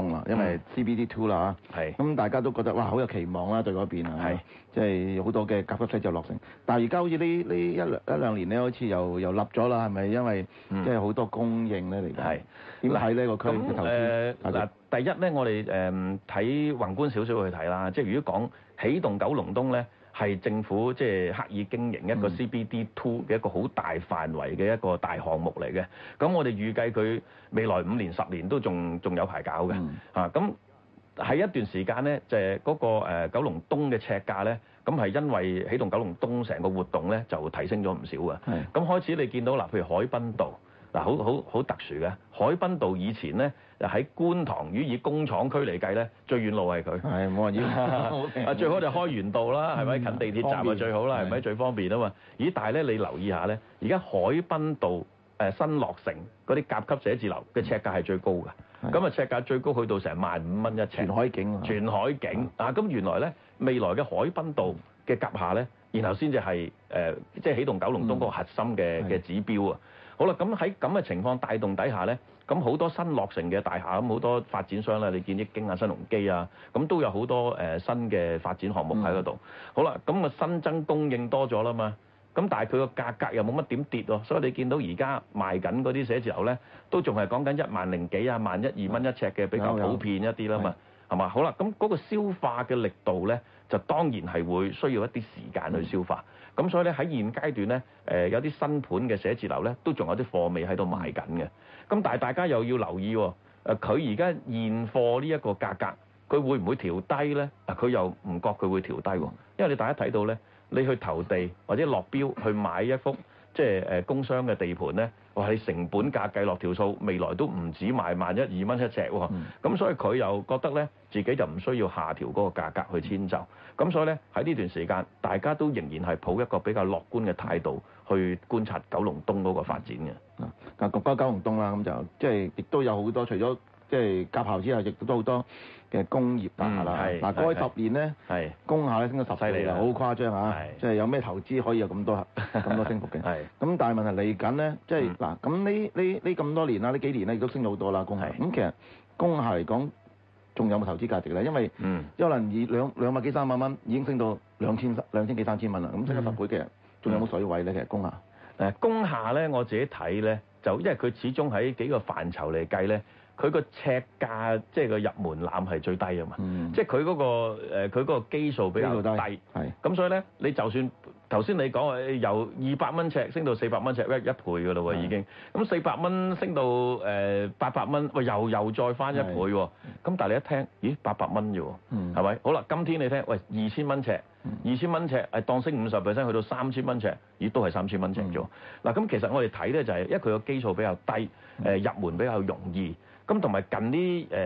因為 CBD Two 啦咁大家都覺得哇好有期望啦，對嗰邊啊，是即係好多嘅甲級飛就落成。但係而家好似呢呢一兩一兩年咧，好似又又落咗啦，係咪因為即係好多供應咧嚟？係點解喺呢個區嘅頭先？咁第一咧，我哋睇宏觀少少去睇啦，即係如果講起動九龍東咧。係政府即係刻意經營一個 C B D Two 嘅一個好大範圍嘅一個大項目嚟嘅。咁我哋預計佢未來五年十年都仲仲有排搞嘅。啊，咁喺一段時間咧、嗯啊，就係、是、嗰、嗰個、呃、九龍東嘅尺價咧，咁係因為起動九龍東成個活動咧，就提升咗唔少嘅。咁是開始你見到嗱，譬如海濱道嗱、啊，好好好特殊嘅海濱道以前咧。就喺觀塘與以工廠區嚟計咧，最遠路係佢。係冇人要啊！最好就開源道啦，係咪近地鐵站就最好啦？係咪最方便啊嘛？咦！但係咧，你留意下咧，而家海濱道誒新落成嗰啲甲級寫字樓嘅尺價係最高㗎。咁啊，尺價最高去到成萬五蚊一尺。全海景。全海景啊！咁原來咧，未來嘅海濱道嘅甲廈咧，然後先至係誒，即係起動九龍東嗰個核心嘅嘅指標啊！好啦，咁喺咁嘅情況帶動底下咧。咁好多新落成嘅大廈，咁好多發展商啦，你見益京啊、新鴻基啊，咁都有好多誒、呃、新嘅發展項目喺嗰度。嗯、好啦，咁啊新增供應多咗啦嘛，咁但係佢個價格又冇乜點跌喎、啊，所以你見到而家賣緊嗰啲寫字樓咧，都仲係講緊一萬零幾啊、萬一二蚊一尺嘅有比較普遍一啲啦嘛。係嘛？好啦，咁嗰個消化嘅力度咧，就當然係會需要一啲時間去消化。咁、嗯、所以咧，喺現階段咧，誒有啲新盤嘅寫字樓咧，都仲有啲貨未喺度賣緊嘅。咁但係大家又要留意喎、哦，佢而家現貨呢一個價格，佢會唔會調低咧？嗱，佢又唔覺佢會調低喎、哦，因為你大家睇到咧，你去投地或者落標去買一幅。即係誒工商嘅地盤咧，我喺成本價計落條數，未來都唔止賣萬一二蚊一尺喎，咁、嗯、所以佢又覺得咧，自己就唔需要下調嗰個價格去遷就，咁所以咧喺呢段時間，大家都仍然係抱一個比較樂觀嘅態度去觀察九龍東嗰個發展嘅。啊，嗱，講開九龍東啦，咁就即係亦都有好多，除咗。即係甲校之後，亦都都好多嘅工業大廈啦。嗱，嗰十年咧，工廈咧升咗十倍啦，好誇張啊！即係有咩投資可以有咁多咁多升幅嘅？咁但係問題嚟緊咧，即係嗱，咁呢呢呢咁多年啦，呢幾年咧亦都升咗好多啦，工廈。咁其實工廈嚟講，仲有冇投資價值咧？因為可能以兩兩百幾三百蚊已經升到兩千兩千幾三千蚊啦。咁升咗十倍嘅，仲有冇水位咧？其實工廈誒工廈咧，我自己睇咧，就因為佢始終喺幾個範疇嚟計咧。佢個尺價即係個入門檻係最低啊嘛，嗯、即係佢嗰個佢嗰、呃、基數比較低，係咁所以咧你就算頭先你講啊由二百蚊尺升到四百蚊尺，一倍㗎咯喎已經，咁四百蚊升到誒八百蚊，喂、呃、又又再翻一倍喎，咁是但係你一聽，咦八百蚊啫喎，係咪、嗯？好啦，今天你聽，喂，二千蚊尺，二千蚊尺係當升五十 percent 去到三千蚊尺，咦都係三千蚊尺啫喎，嗱咁、嗯、其實我哋睇咧就係、是、因為佢個基數比較低，誒、嗯呃、入門比較容易。咁同埋近呢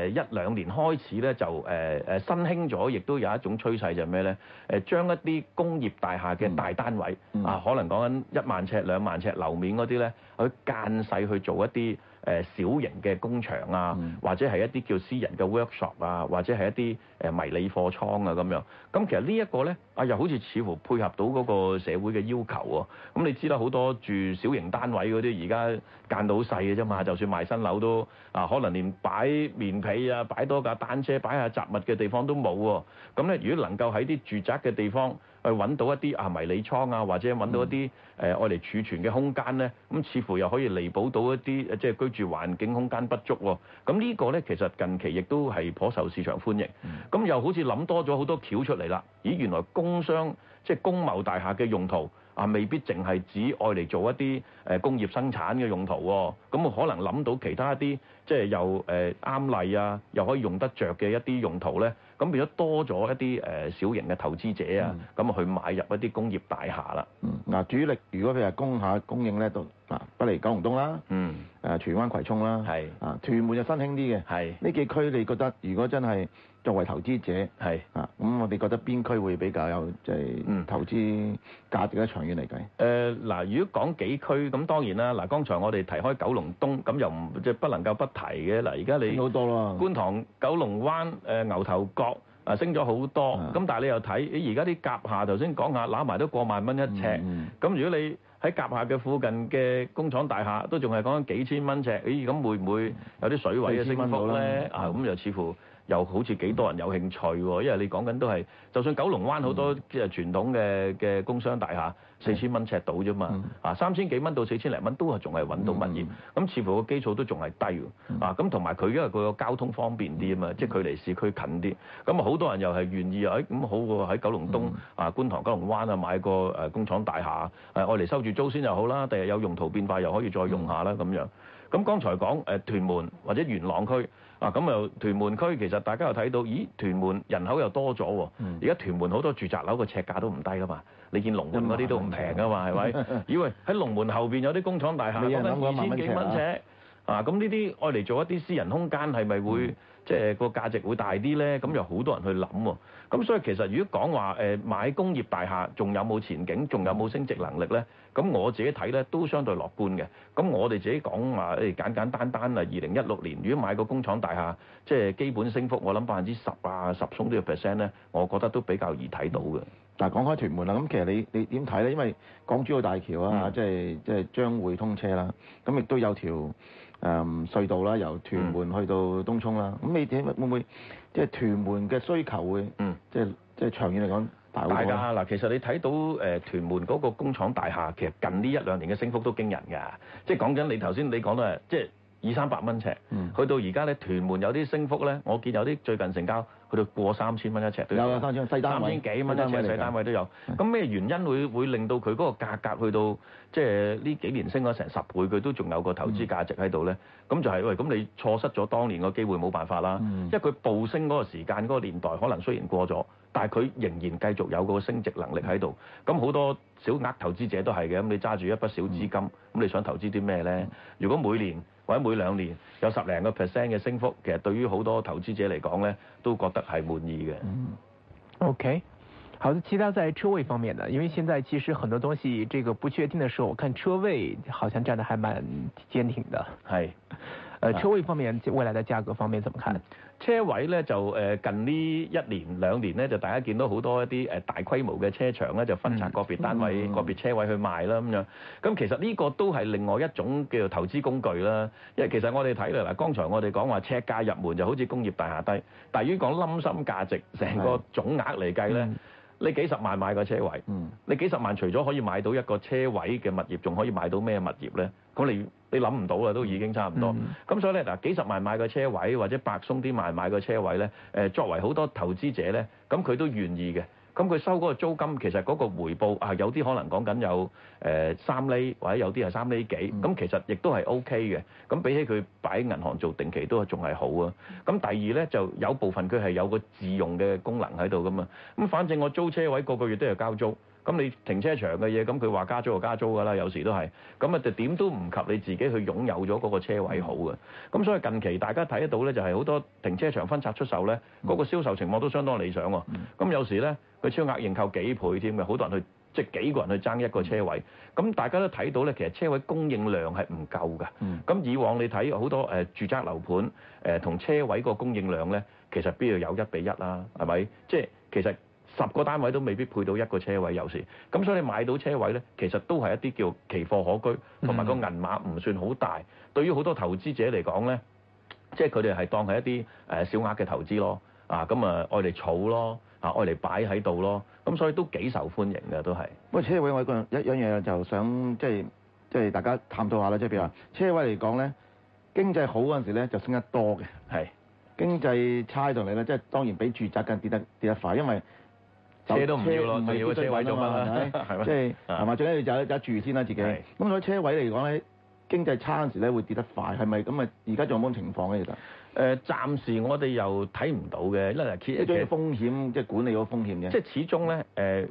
一兩年開始咧就新興咗，亦都有一種趨勢就係咩咧？將一啲工業大廈嘅大單位、嗯嗯、啊，可能講緊一萬尺兩萬尺樓面嗰啲咧，去間細去做一啲小型嘅工場啊，嗯、或者係一啲叫私人嘅 workshop 啊，或者係一啲迷你貨倉啊咁樣。咁其實呢一個咧。啊，又好似似乎配合到嗰個社會嘅要求喎、哦。咁、嗯、你知啦，好多住小型單位嗰啲，而家間到好細嘅啫嘛。就算賣新樓都啊，可能連擺棉被啊、擺多架單車、擺下雜物嘅地方都冇喎、哦。咁、嗯、咧，如果能夠喺啲住宅嘅地方去揾、呃、到一啲啊迷你倉啊，或者揾到一啲誒用嚟儲存嘅空間咧，咁、嗯、似乎又可以彌補到一啲即係居住環境空間不足咁、哦嗯這個、呢個咧其實近期亦都係頗受市場歡迎。咁、嗯嗯嗯、又好似諗多咗好多橋出嚟啦。咦，原來公。工商即係工貿大廈嘅用、啊用、呃、用途啊，未必淨係指愛嚟做一啲誒工業生產嘅用途，咁我可能諗到其他一啲即係又誒啱、呃、例啊，又可以用得着嘅一啲用途咧。咁、啊、變咗多咗一啲誒、呃、小型嘅投資者啊，咁、嗯、去買入一啲工業大廈啦。嗯，嗱、啊、主力如果佢係供下供應咧，就嗱、啊、不離九龍東啦。嗯。誒荃、啊、灣葵涌啦。係是。啊屯門就新興啲嘅。係是。呢幾區你覺得如果真係？作為投資者係啊，咁是、嗯、我哋覺得邊區會比較有即係投資價值嘅，長遠嚟計，誒嗱、嗯呃，如果講幾區咁當然啦。嗱，剛才我哋提開九龍東，咁又唔即係不能夠不提嘅。嗱，而家你觀塘、九龍灣、呃、牛頭角啊，升咗好多。咁的但係你又睇，而家啲甲廈頭先講下，攬埋都過萬蚊一尺。咁、嗯、如果你喺甲廈嘅附近嘅工廠大廈，都仲係講緊幾千蚊尺。咦、哎，咁會唔會有啲水位嘅升幅咧？啊，咁又似乎。又好似幾多人有興趣喎，因為你講緊都係，就算九龍灣好多即係傳統嘅嘅工商大廈，四千蚊尺到啫嘛，啊三千幾蚊到四千零蚊都係仲係揾到物業，咁、嗯、似乎個基礎都仲係低喎。嗯、啊咁同埋佢因為個交通方便啲啊嘛，嗯、即係佢離市區近啲，咁啊好多人又係願意、哎、啊，咁好過喺九龍東、嗯、啊觀塘九龍灣啊買個工廠大廈，我、啊、嚟收住租先又好啦，第日有用途變化又可以再用下啦咁、嗯、樣。咁剛才講誒屯門或者元朗區啊，咁又屯門區其實大家又睇到，咦，屯門人口又多咗喎，而家屯門好多住宅樓個尺價都唔低㗎嘛，你見龍門嗰啲都唔平噶嘛，係咪？咦喂，喺龍門後邊有啲工廠大廈都得二千幾蚊尺，啊咁呢啲愛嚟做一啲私人空間係咪會即係個價值會大啲咧？咁又好多人去諗喎。咁所以其實如果講話誒買工業大廈仲有冇前景，仲有冇升值能力咧？咁我自己睇咧都相對樂觀嘅。咁我哋自己講話誒簡簡單單啊，二零一六年如果買個工廠大廈，即係基本升幅我想，我諗百分之十啊十鬆啲 percent 咧，我覺得都比較易睇到嘅。但係講開屯門啦，咁其實你你點睇咧？因為港珠澳大橋啊，即係即係將會通車啦，咁亦都有條誒、嗯、隧道啦，由屯門去到東涌啦。咁、嗯、你點會唔會？即係屯門嘅需求會，嗯，即係即係長遠嚟講大㗎。嗱，其實你睇到、呃、屯門嗰個工廠大廈，其實近呢一兩年嘅升幅都驚人㗎。即係講緊你頭先你講嘅，即係二三百蚊尺，嗯、去到而家咧屯門有啲升幅咧，我見有啲最近成交，都過三千蚊一尺都有，有三千，三千幾蚊一尺，細單位都有。咁咩是原因會會令到佢嗰個價格去到即係呢幾年升咗成十倍，佢都仲有個投資價值喺度咧？咁、嗯、就係、是、喂，咁你錯失咗當年個機會冇辦法啦。嗯、因為佢暴升嗰個時間嗰、嗰個年代可能雖然過咗，但係佢仍然繼續有嗰個升值能力喺度。咁好多小額投資者都係嘅。咁你揸住一筆小資金，咁、嗯、你想投資啲咩咧？如果每年或者每兩年有十零個 percent 嘅升幅，其實對於好多投資者嚟講咧，都覺得係滿意嘅。嗯，OK。好，其他在車位方面呢，因為現在其實很多東西這個不確定嘅時候，我看車位好像站得還蠻堅挺的。係。誒車位方面啊，未來嘅價格方面，點睇？車位咧就誒近呢一年兩年咧，就大家見到好多一啲誒大規模嘅車場咧，就分拆個別單位、個別車位去賣啦咁樣。咁其實呢個都係另外一種叫做投資工具啦。因為其實我哋睇嚟嗱，剛才我哋講話車價入門就好似工業大廈低，但係如果講冧心價值，成個總額嚟計咧。你幾十萬買個車位，你幾十萬除咗可以買到一個車位嘅物業，仲可以買到咩物業咧？咁你你諗唔到啊，都已經差唔多。咁、嗯、所以咧，嗱幾十萬買個車位，或者百鬆啲萬買個車位咧，誒作為好多投資者咧，咁佢都願意嘅。咁佢收嗰個租金，其實嗰個回報啊，有啲可能講緊有誒三、呃、厘，或者有啲係三厘幾咁、嗯、其實亦都係 O K 嘅。咁比起佢擺銀行做定期都係仲係好啊。咁第二咧，就有部分佢係有個自用嘅功能喺度噶嘛。咁反正我租車位個個月都有交租。咁你停車場嘅嘢，咁佢話加租就加租㗎啦，有時都係。咁啊，就點都唔及你自己去擁有咗嗰個車位好嘅。咁所以近期大家睇得到咧，就係、是、好多停車場分拆出售咧，嗰、那個銷售情況都相當理想喎、哦。咁有時咧，佢超額認購幾倍添嘅，好多人去即係幾個人去爭一個車位。咁大家都睇到咧，其實車位供應量係唔夠㗎。咁以往你睇好多誒、呃、住宅樓盤同、呃、車位個供應量咧，其實必要有一比一啦，係咪？即係其實。十個單位都未必配到一個車位，有時咁，所以你買到車位咧，其實都係一啲叫奇貨可居，同埋個銀碼唔算好大。對於好多投資者嚟講咧，即係佢哋係當係一啲誒小額嘅投資咯。啊，咁啊愛嚟儲咯，啊愛嚟擺喺度咯，咁所以都幾受歡迎嘅都係。喂，車位我一個人一樣嘢就想即係即係大家探討下啦，即係譬如話車位嚟講咧，經濟好嗰陣時咧就升得多嘅。係是經濟差嗰嚟咧，即係當然比住宅更跌得跌得快，因為。車都唔要咯，唔要個車位啫嘛，係咪？即係係嘛，吧最緊要就揸住先啦，自己是。咁喺車位嚟講咧，經濟差的時咧會跌得快，係咪？咁啊，而家仲有冇情況咧？其實誒，暫時我哋又睇唔到嘅，因為其實風險即係、就是、管理個風險嘅。即係始終咧，誒、呃、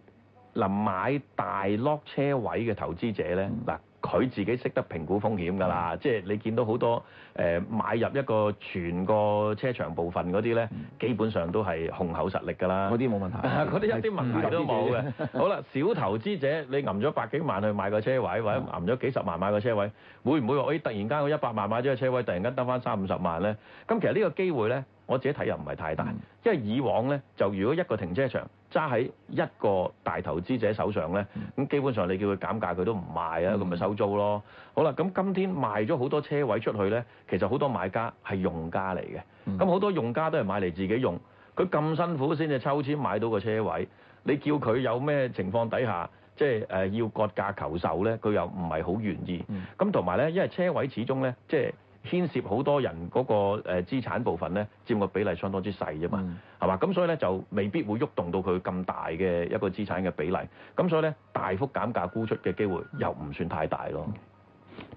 嗱買大 lock 車位嘅投資者咧嗱。嗯佢自己識得評估風險㗎啦，嗯、即係你見到好多誒、呃、買入一個全個車場部分嗰啲咧，嗯、基本上都係雄厚實力㗎啦。嗰啲冇問題，嗰啲、啊、一啲問題都冇嘅。是是 好啦，小投資者你揞咗百幾萬去買個車位，或者揞咗幾十萬買個車位，會唔會話咦，突然間嗰一百萬買咗個車位，突然間得翻三五十萬咧？咁其實呢個機會咧。我自己睇又唔係太大，因為以往呢，就如果一個停車場揸喺一個大投資者手上呢，咁基本上你叫佢減價佢都唔賣啦，咁咪收租咯。好啦，咁今天賣咗好多車位出去呢，其實好多買家係用家嚟嘅，咁好多用家都係買嚟自己用，佢咁辛苦先至抽錢買到個車位，你叫佢有咩情況底下即係要割價求售呢？佢又唔係好願意。咁同埋呢，因為車位始終呢，即係。牽涉好多人嗰個誒資產部分呢，佔個比例相當之細啫嘛，係嘛、嗯？咁所以呢，就未必會喐動，動到佢咁大嘅一個資產嘅比例。咁所以呢，大幅減價沽出嘅機會又唔算太大咯。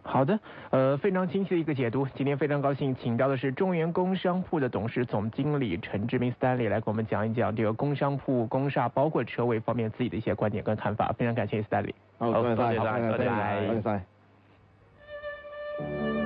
好的，誒、呃、非常清晰嘅一個解讀，今天非常高興請到嘅是中原工商鋪嘅董事總經理潘志明 Stanley 來跟我們講一講這個工商鋪、工廈包括車位方面自己的一些觀點跟看法。非常感謝 Stanley。好，多謝曬，多謝曬。